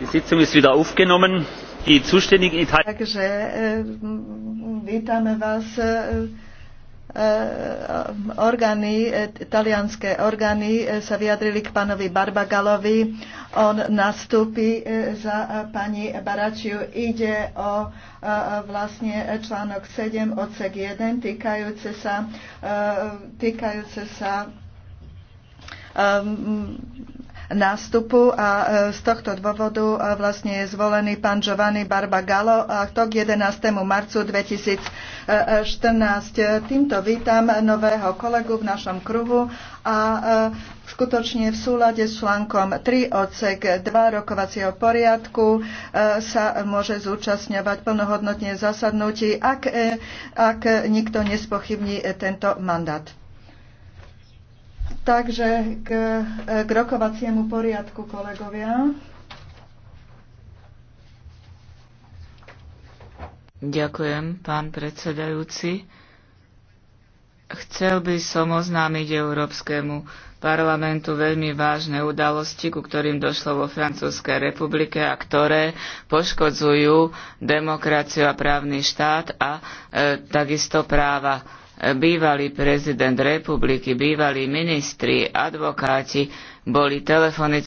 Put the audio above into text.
die Sitzung ist wieder aufgenommen. Die zuständigen eh, eh, eh, orgány, italianské orgány sa vyjadrili k pánovi Barbagalovi. On nastúpi za pani Baračiu. Ide o vlastne článok 7, odsek 1, týkajúce sa, týkajúce sa um, nástupu a e, z tohto dôvodu e, vlastne je zvolený pán Giovanni Barbagallo a to k 11. marcu 2014. Týmto vítam nového kolegu v našom kruhu a e, skutočne v súlade s článkom 3 odsek 2 rokovacieho poriadku sa môže zúčastňovať plnohodnotne zasadnutí, ak, ak nikto nespochybní tento mandát. Takže k, e, k rokovaciemu poriadku, kolegovia. Ďakujem, pán predsedajúci. Chcel by som oznámiť Európskemu parlamentu veľmi vážne udalosti, ku ktorým došlo vo Francúzskej republike a ktoré poškodzujú demokraciu a právny štát a e, takisto práva bývalý prezident republiky, bývalí ministri, advokáti boli telefonicky